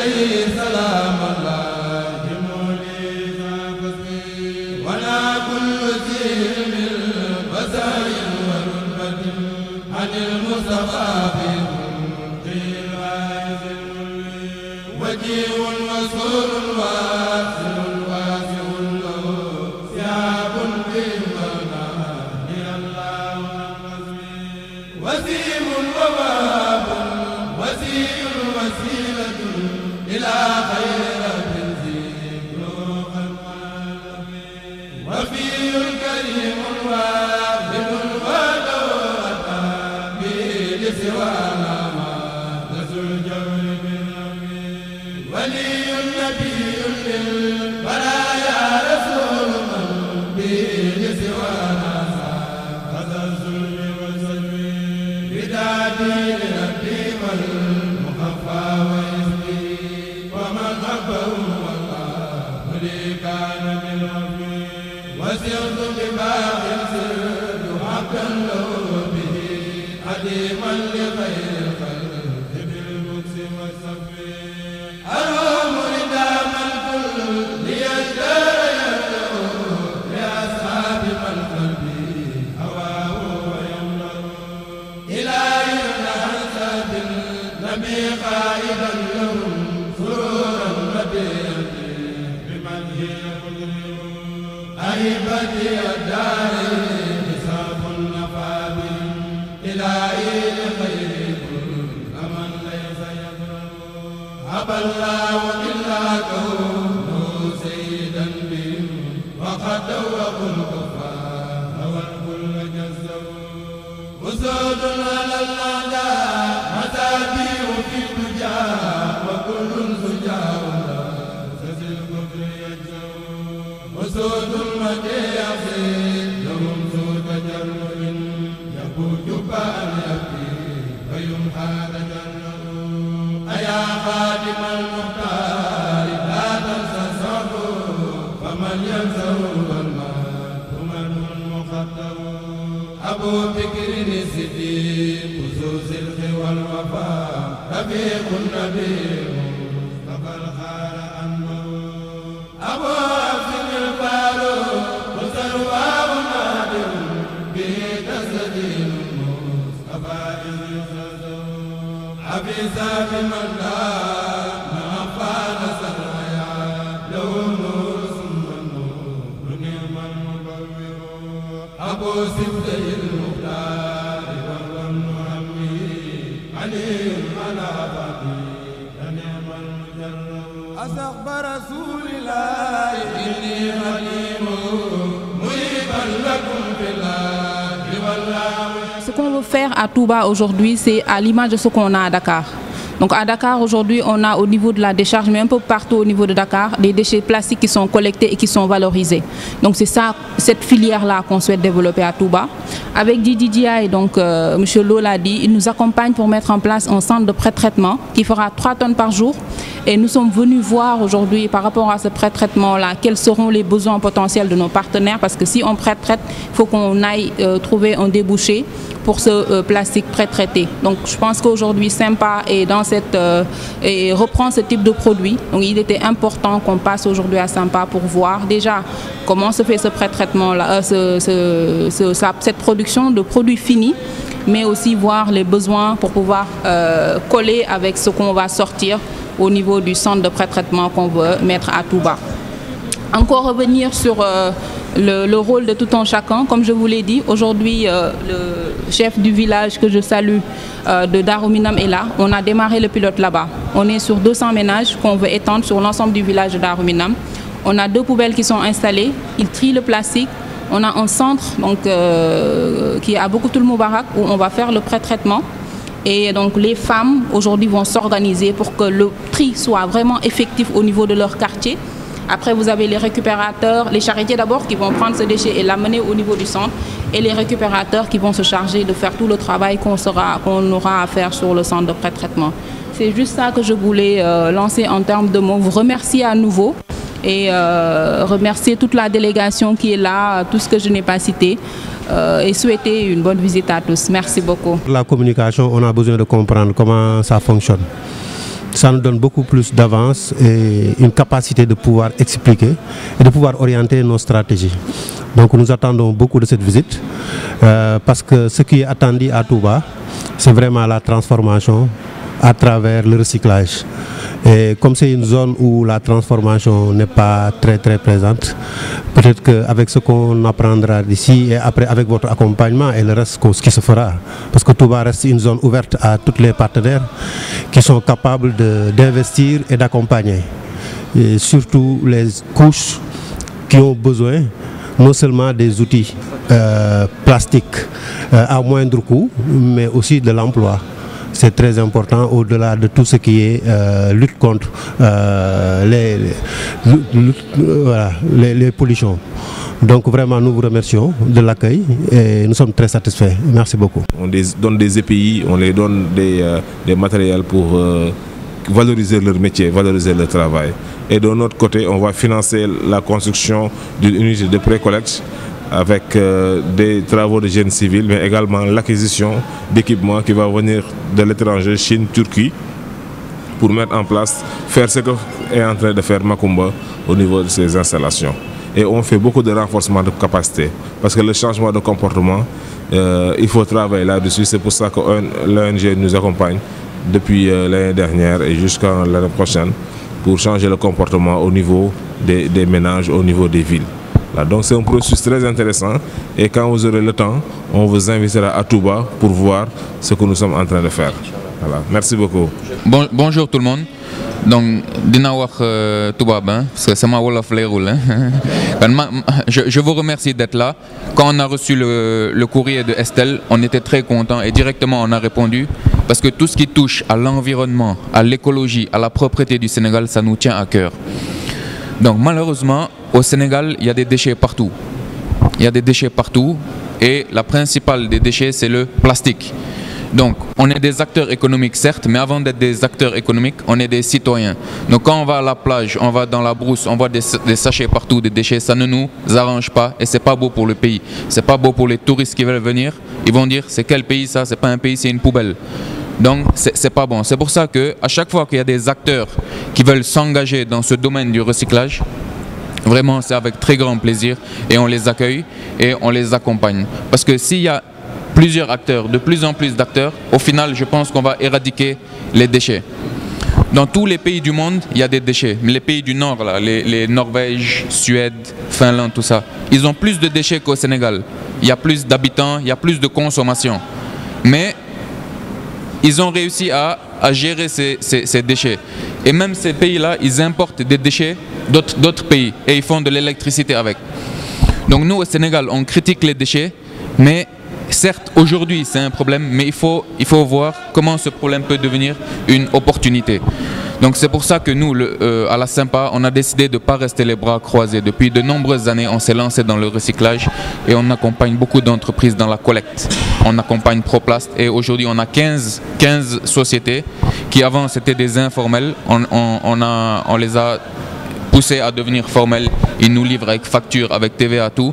عليه سلام الله جمولي فاسقي ولا كل ذي من وسائل ورتبة عن المصطفى وذوقوا الكفار والكل جزوا وزاد على الاعداء متابيع في الدجى وكل زجاء زاد الكفر يجزوا وزاد المجيء لهم ذو تجرم يبوج بان يبكي فيمحى تجرم ايا خادم المختار لا تنسى فمن ينزل أبو بكر الصديق زوز الخوى الوفاء رفيق النبي فقد قال أنه أبو عبد الفاروق وثرواه نادر به تسجيل مصطفى إذ يخزو عبيسى بمن دار à Touba aujourd'hui, c'est à l'image de ce qu'on a à Dakar. Donc à Dakar, aujourd'hui, on a au niveau de la décharge, mais un peu partout au niveau de Dakar, des déchets plastiques qui sont collectés et qui sont valorisés. Donc c'est ça, cette filière-là qu'on souhaite développer à Touba. Avec et donc euh, M. Lowe l'a dit, il nous accompagne pour mettre en place un centre de pré-traitement qui fera 3 tonnes par jour. Et nous sommes venus voir aujourd'hui par rapport à ce pré-traitement-là, quels seront les besoins potentiels de nos partenaires, parce que si on pré-traite, il faut qu'on aille euh, trouver un débouché pour ce euh, plastique pré-traité. Donc je pense qu'aujourd'hui, Sympa et dans euh, et reprend ce type de produit. Donc il était important qu'on passe aujourd'hui à Sampa pour voir déjà comment se fait ce pré là euh, cette production de produits finis mais aussi voir les besoins pour pouvoir euh, coller avec ce qu'on va sortir au niveau du centre de pré-traitement qu'on veut mettre à tout bas. Encore revenir sur le, rôle de tout un chacun. Comme je vous l'ai dit, aujourd'hui, euh, le chef du village que je salue euh, de Daruminam est là. On a démarré le pilote là-bas. On est sur 200 ménages qu'on veut étendre sur l'ensemble du village de Daruminam. On a deux poubelles qui sont installées. Ils trient le plastique. On a un centre donc, euh, qui est à beaucoup le Moubarak où on va faire le pré-traitement. Et donc les femmes aujourd'hui vont s'organiser pour que le tri soit vraiment effectif au niveau de leur quartier. Après, vous avez les récupérateurs, les charretiers d'abord qui vont prendre ce déchet et l'amener au niveau du centre et les récupérateurs qui vont se charger de faire tout le travail qu'on aura à faire sur le centre de prêt traitement C'est juste ça que je voulais euh, lancer en termes de mots. Vous remercier à nouveau et euh, remercier toute la délégation qui est là, tout ce que je n'ai pas cité. Euh, et souhaiter une bonne visite à tous. Merci beaucoup. la communication, on a besoin de comprendre comment ça fonctionne ça nous donne beaucoup plus d'avance et une capacité de pouvoir expliquer et de pouvoir orienter nos stratégies. Donc nous attendons beaucoup de cette visite euh, parce que ce qui est attendu à Touba, c'est vraiment la transformation à travers le recyclage. Et comme c'est une zone où la transformation n'est pas très très présente, peut-être qu'avec ce qu'on apprendra d'ici et après avec votre accompagnement et le reste, ce qui se fera, parce que tout va rester une zone ouverte à tous les partenaires qui sont capables d'investir et d'accompagner. Et surtout les couches qui ont besoin non seulement des outils euh, plastiques euh, à moindre coût, mais aussi de l'emploi c'est très important au-delà de tout ce qui est euh, lutte contre euh, les, les, pollutions. Donc vraiment, nous vous remercions de l'accueil et nous sommes très satisfaits. Merci beaucoup. On donne des EPI, on les donne des, euh, des matériels pour valoriser leur métier, valoriser leur travail. Et de notre côté, on va financer la construction d'une unité de pré-collecte avec euh, des travaux de génie civil, mais également l'acquisition d'équipements qui va venir de l'étranger, Chine, Turquie, pour mettre en place, faire ce que est en train de faire Makumba au niveau de ses installations. Et on fait beaucoup de renforcement de capacité, parce que le changement de comportement, euh, il faut travailler là-dessus. C'est pour ça que l'ONG nous accompagne depuis euh, l'année dernière et jusqu'à l'année prochaine pour changer le comportement au niveau des ménages, au niveau des villes donc c'est un processus très intéressant et quand vous aurez le temps, on vous invitera à Touba pour voir ce que nous sommes en train de faire. Voilà. Merci beaucoup. bonjour tout le monde. donc je vous remercie d'être là quand on a reçu le le courrier de Estelle on était très content et directement on a répondu parce que tout ce qui touche à l'environnement à l'écologie à la propreté du Sénégal ça nous tient à cœur donc malheureusement, au Sénégal, il y a des déchets partout. Il y a des déchets partout et la principale des déchets, c'est le plastique. Donc, on est des acteurs économiques, certes, mais avant d'être des acteurs économiques, on est des citoyens. Donc, quand on va à la plage, on va dans la brousse, on voit des, sachets partout, des déchets, ça ne nous arrange pas et c'est pas beau pour le pays. C'est pas beau pour les touristes qui veulent venir. Ils vont dire, c'est quel pays ça C'est pas un pays, c'est une poubelle. Donc, c'est pas bon. C'est pour ça que à chaque fois qu'il y a des acteurs qui veulent s'engager dans ce domaine du recyclage, vraiment, c'est avec très grand plaisir et on les accueille et on les accompagne. Parce que s'il y a plusieurs acteurs, de plus en plus d'acteurs, au final, je pense qu'on va éradiquer les déchets. Dans tous les pays du monde, il y a des déchets. Les pays du Nord, là, les, les Norvèges, Suède, Finlande, tout ça, ils ont plus de déchets qu'au Sénégal. Il y a plus d'habitants, il y a plus de consommation. Mais ils ont réussi à, gérer ces, déchets. Et même ces pays-là, ils importent des déchets d'autres pays et ils font de l'électricité avec. Donc nous, au Sénégal, on critique les déchets, mais certes, aujourd'hui, c'est un problème, mais il faut, il faut voir comment ce problème peut devenir une opportunité. Donc c'est pour ça que nous, euh, à la Sympa, on a décidé de ne pas rester les bras croisés. Depuis de nombreuses années, on s'est lancé dans le recyclage et on accompagne beaucoup d'entreprises dans la collecte. On accompagne Proplast et aujourd'hui on a 15, 15 sociétés qui avant c'était des informels. On, les a poussés à devenir formels. Ils nous livrent avec facture, avec TVA, tout.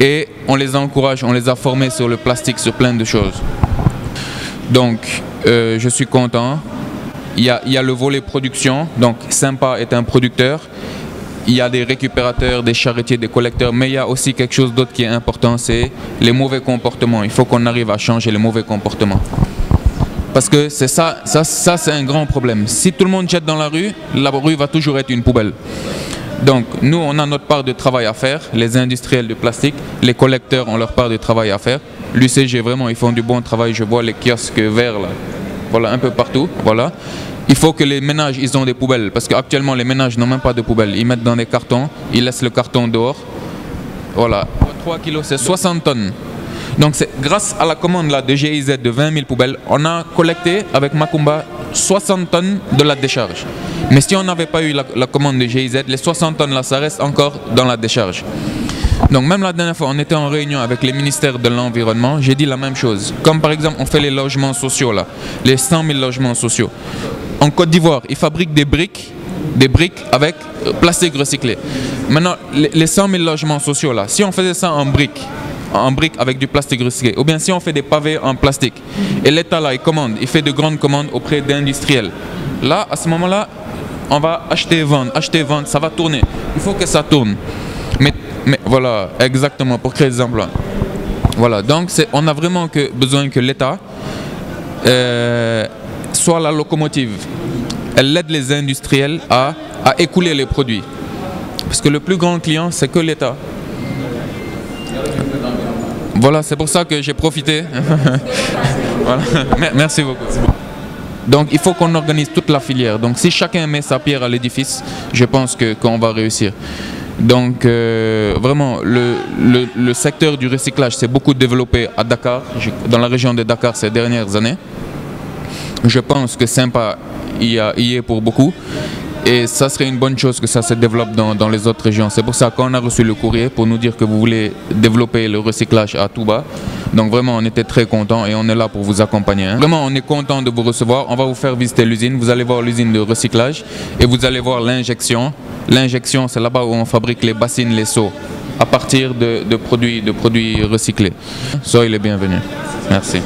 Et on les encourage, on les a formés sur le plastique, sur plein de choses. Donc, euh, je suis content. Il y, a, le volet production, donc Sympa est un producteur, il y a des récupérateurs, des charretiers, des collecteurs, mais il y a aussi quelque chose d'autre qui est important, c'est les mauvais comportements. Il faut qu'on arrive à changer les mauvais comportements. Parce que c'est ça, ça, ça c'est un grand problème. Si tout le monde jette dans la rue, la rue va toujours être une poubelle. Donc nous, on a notre part de travail à faire, les industriels de plastique, les collecteurs ont leur part de travail à faire. L'UCG, vraiment, ils font du bon travail. Je vois les kiosques verts là, voilà, un peu partout. Voilà. Il faut que les ménages, ils ont des poubelles, parce qu'actuellement, les ménages n'ont même pas de poubelles. Ils mettent dans des cartons, ils laissent le carton dehors. Voilà. 3 kilos, c'est 60 tonnes. Donc c'est grâce à la commande là, de GIZ de 20 000 poubelles, on a collecté avec Macumba 60 tonnes de la décharge. Mais si on n'avait pas eu la, commande de GIZ, les 60 tonnes là, ça reste encore dans la décharge. Donc même la dernière fois, on était en réunion avec les ministères de l'Environnement, j'ai dit la même chose. Comme par exemple, on fait les logements sociaux là, les 100 000 logements sociaux. En Côte d'Ivoire, ils fabriquent des briques des briques avec euh, plastique recyclé. Maintenant, les 100 000 logements sociaux là, si on faisait ça en briques, en briques avec du plastique recyclé. Ou bien si on fait des pavés en plastique. Et l'État là, il commande, il fait de grandes commandes auprès d'industriels. Là, à ce moment-là, on va acheter et vendre, acheter et vendre, ça va tourner. Il faut que ça tourne. Mais voilà, exactement, pour créer des emplois. Voilà, donc on a vraiment que, besoin que l'État euh, soit la locomotive. Elle aide les industriels à, à écouler les produits. Parce que le plus grand client, c'est que l'État. Voilà, c'est pour ça que j'ai profité. Merci beaucoup. Donc il faut qu'on organise toute la filière. Donc si chacun met sa pierre à l'édifice, je pense qu'on va réussir. Donc euh, vraiment, le, secteur du recyclage s'est beaucoup développé à Dakar, dans la région de Dakar ces dernières années. Je pense que Sympa y, a, y est pour beaucoup. Et ça serait une bonne chose que ça se développe dans, les autres régions. C'est pour ça qu'on a reçu le courrier pour nous dire que vous voulez développer le recyclage à Touba. Donc vraiment, on était très contents et on est là pour vous accompagner. Hein. Vraiment, on est content de vous recevoir. On va vous faire visiter l'usine. Vous allez voir l'usine de recyclage et vous allez voir l'injection L'injection, c'est là-bas où on fabrique les bassines, les seaux, à partir de, produits, de produits recyclés. Soyez les bienvenus. Merci.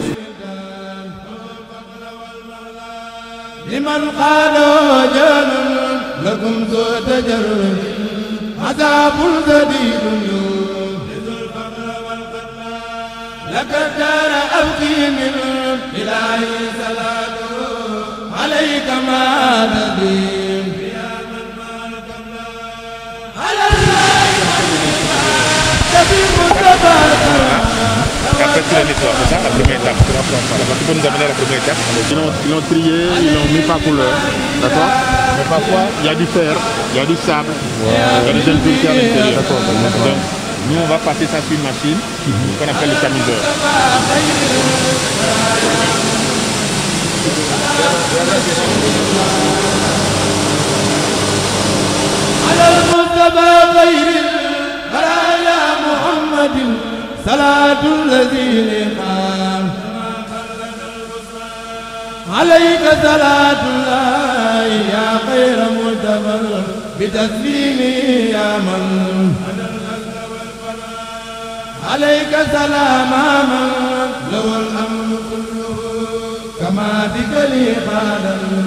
Après, c'est la nettoie, c'est ça, la première étape. Parce que pour nous amener à la première étape. Ils l'ont, trié, ils l'ont mis par couleur. D'accord Mais parfois, il y a du fer, il y a du sable, il y a des jeunes filtres à l'intérieur. Donc, nous, on va passer ça sur une machine qu'on appelle le tamiseur. على المصطفى خير البرايا محمد صلاة الذي قام عليك صلاة الله يا خير مجتمل بتسليمه يا من عليك سلام من له الأمر كله كما بك لي خالد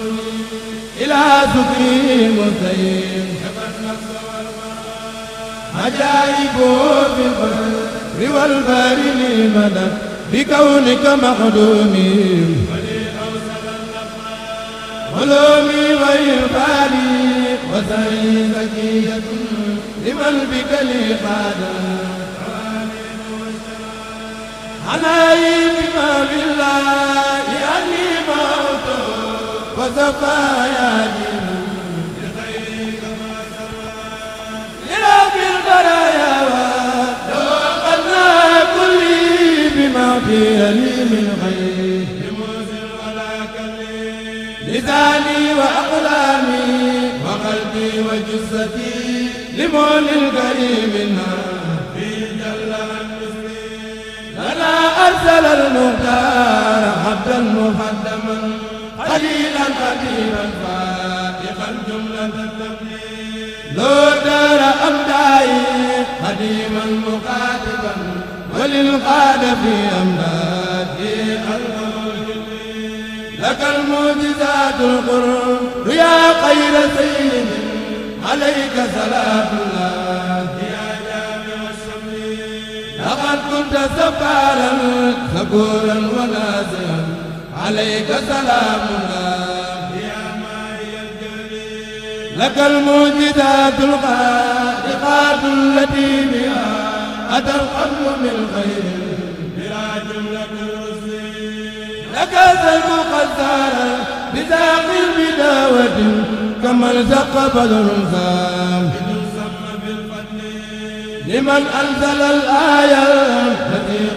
بلا سكر مستقيم عجائب في البر والبر لمدى بكونك مخدومي علومي وإرفاني وسعي زكية لمن بك لي خادم علي بما بالله أني ما وسقاياني بخيرك ما سرى إلى بالبرايا وتوقنا كلي بما في لي من غير بموزن ولا كلي لساني وأقلامي وقلبي وجثتي لمول الكريم منها أرسل المختار عبدا مقدما قليلا قليلا فائقا جملة التبليل لو دار أمدائي قديما مخاطبا وللقاد في أمدادي قلبه لك المعجزات القرب يا خير سيد عليك سلام الله يا جامع الشمس لقد كنت سفارا ثبورا ونازلا عليك سلامنا يا ماي الجليل لك المعجزات الخارقات التي بها أتى القبر من خير بلا جملة الرسل لك سلم قدارا بزاق بداوة كما التقى بدر الخام لمن أنزل الآية التي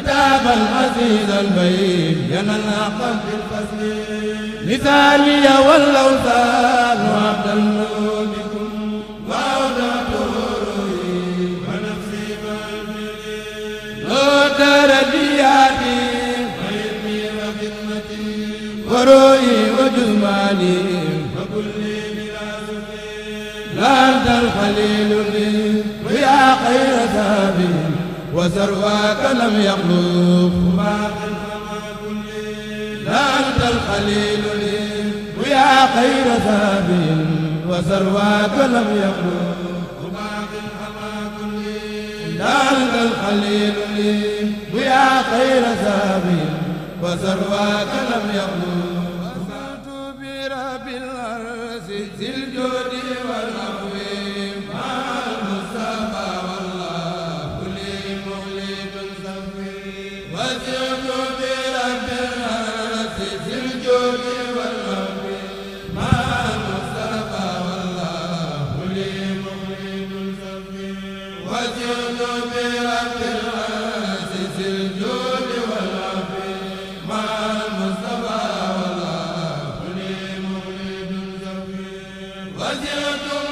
كتاب العزيز البين من قلب الفزين مثالي والأوثان وعبد الملوككم وعودة روحي ونفسي بالملي لوت ردياتي ويمي وخدمتي ورؤي وجمالي وكلي بلازمي لا أنت الخليل لي ويا خير ثابت وثرواك لم يقلوب ما في السماء لا أنت الخليل لي ويا خير ذهب وثرواك لم يقلوب ما في السماء لا أنت الخليل لي ويا خير ذهب وثرواك لم يقلوب Adiós.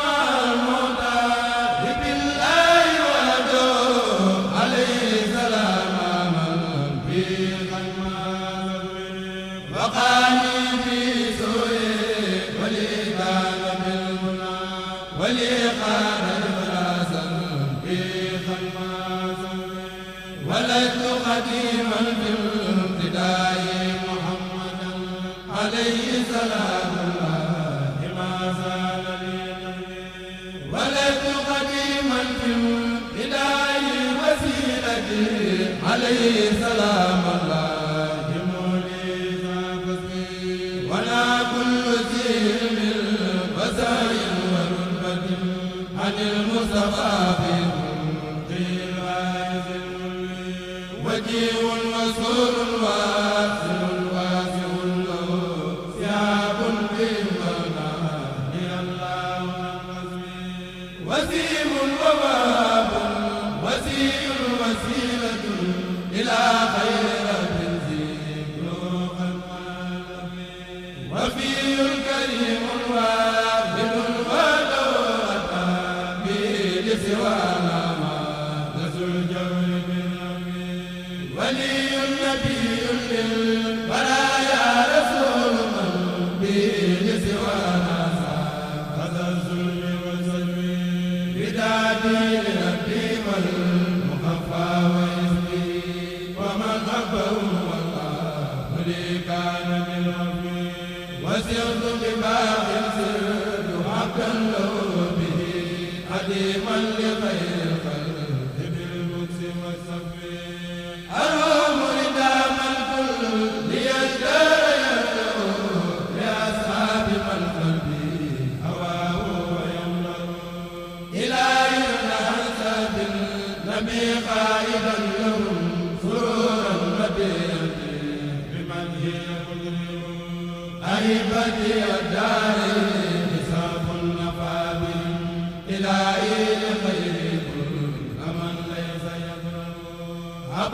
عن المصطفى في المنقذ وجيه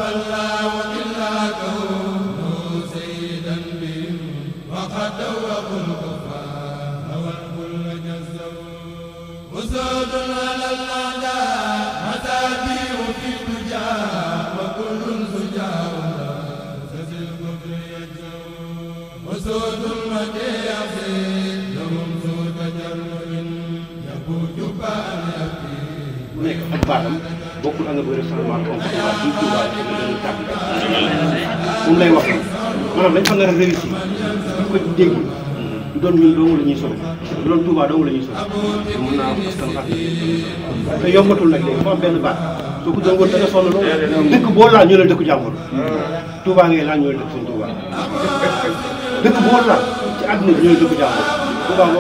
صلى وإلا كونه سيدا بهم وقد دوقوا الكفار والكل جزوا أسود على الأعداء متابيع في الدجى وكل زجاء لا تزل الكفر يجزوا أسود المكي لهم سوء تجرم يبوج بأن يبكي bokkul a nga bëri changement comportement bi tubaab bi dañuy tàggat. mu lay wax maanaam dañ fa nga réussir bu ko dégg du mm-hmm. doon ñun doomu la ñuy sori du doon tubaab doomu la ñuy sori mun naa wax askan ak te yombatul nag léegi foo benn baat soo ko jàngoon da nga sonn loolu mm-hmm. dëkk boo la dëkk jàmbur mm-hmm. tubaab ngay laal ñu la la dëkk jàmbur waaw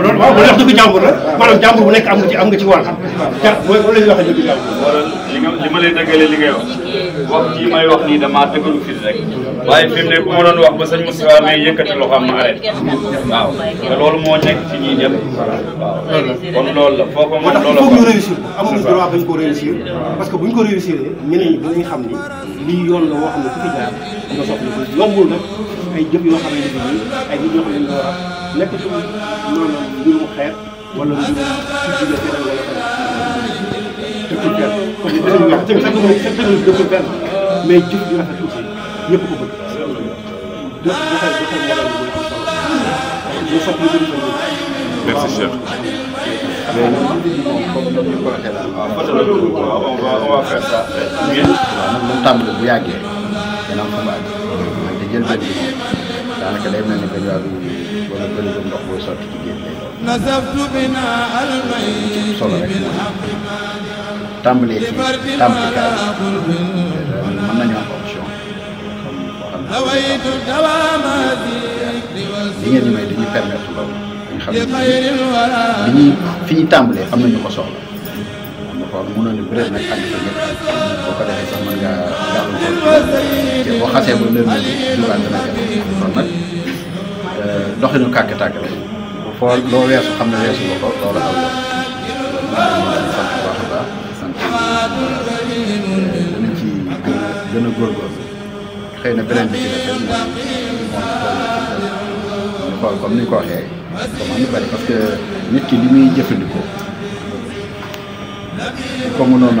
loolu waaw loolu wax dëgg jàmbur la maanaam jàmbur bu nekk am nga ci am nga ci wàll ja mooy loolu la ñuy wax dëgg jàmbur. waral li nga li ma lay dëggalee li ngay wax wax jii may wax nii damaa dëggalu fit rek waaye fi mu ne ku ma doon wax ba sëñ Moustapha may yëkkati loo xam ma arrêté waaw te loolu moo nekk ci ñuy ñëpp waaw kon loolu la foo ko moom loolu la ko ñu réussir ko amuñu droit bañ ko réussir parce que buñ ko réussir ñeneen ñi dinañ xam ni lii yoon la woo xam ne ku fi jaar nga soxla yombul nag ay jëf yoo xam ne nii ay nit ñoo xam ne war a nekk ci maanaam mbirum xeet wala mbirum jiw jiw wala wala. dëkk bu benn mais jëf ju rafet aussi ñëpp ko bëgg. dëkk bu xel bu xel ñaareel bi mooy solo. parce que bu merci cher. mais comme ni ñu ko waxee daal waaw parce que on va on va faire ça. bu yàggee dana am njëlbeen bi daanaka day mel ni bañuwaar wala bërigo ndox booy sotti ci géej lay doon solo rek mooy tàmbalee ci tàmbalikaay mën nañu am option li ngeen ñu may dañuy permettre loolu dañu xam ne li ñuy fi ñu tàmbalee am nañu ko soxla am na ko mënoon ni bu dee nag ànd ko ñëpp boo ko defee sax mën te boo xasee ba lënd dugaan dana jafe kon nag euh, doxinu kàkk tàkk la foo loo weesu xam ne weesu nga ko loola aw yoon gën a góorgóorlu xëy na beneen bi ci des moom ñu xool comme ni ñu ko waxee comment bari parce que nit ki li muy jëfandikoo ko mënoon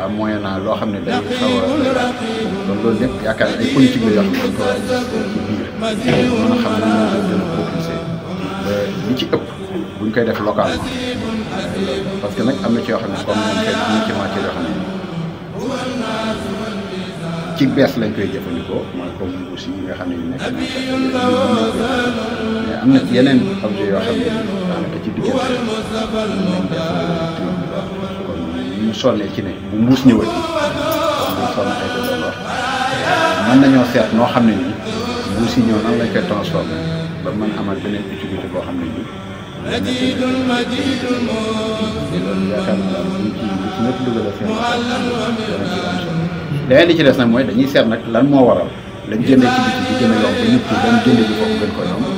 à moyen na loo xam ne day xaw a kon loolu lépp yaakaar ay politique la yoo xam ne dañ ko war a ci biir mën a xam ne moom lañ gën a propulsé ba li ci ëpp buñ koy def localement parce que nag am na ci yoo xam ne comme moom kay am ci matière yoo xam ne ci bees lañ koy jëfandikoo mooy comme mbuus yi nga xam ne ñu nekk nañ mais am na yeneen objet yoo xam ne daanaka ci diggante ñu sonnee ci ne bu mbuus ñëwati kon duñ sonn ay doomu lor mën nañoo seet noo xam ne nii mbuus yi ñëw nan lañ koy transformé ba mën amal beneen utilité boo xam ne nii. مجيد المجيد leneen li ci des nag mooy dañuy seet nag lan moo waral lañ jëndee ci biti bi gën a yomb ba ñëpp dañ jëndee ji foofu gën ko yomb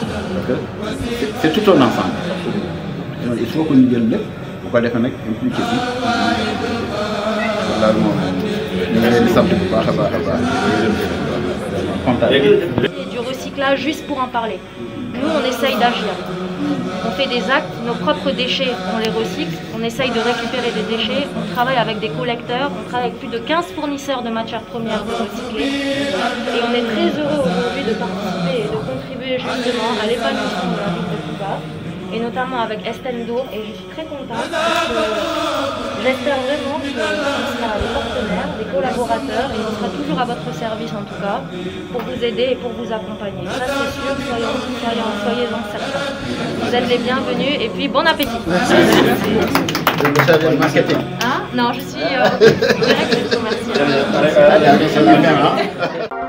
c'est tout un ensemble. il faut qu'on y jël pour bu ko defee nag impliqué bi. daal moom du recyclage juste pour en parler. Nous, on essaye d'agir. On fait des actes, nos propres déchets, on les recycle on essaye de récupérer des déchets, on travaille avec des collecteurs, on travaille avec plus de 15 fournisseurs de matières premières pour recycler Et on est très heureux aujourd'hui de participer et de contribuer justement à l'épanouissement de la ville de Cuba et notamment avec Estelle Et je suis très contente parce que j'espère vraiment qu'on sera des partenaires, des collaborateurs et on sera toujours à votre service en tout cas pour vous aider et pour vous accompagner. Ça c'est sûr, soyez, soyez, soyez en certains. Vous êtes les bienvenus et puis bon appétit. Merci. non, je suis. direct,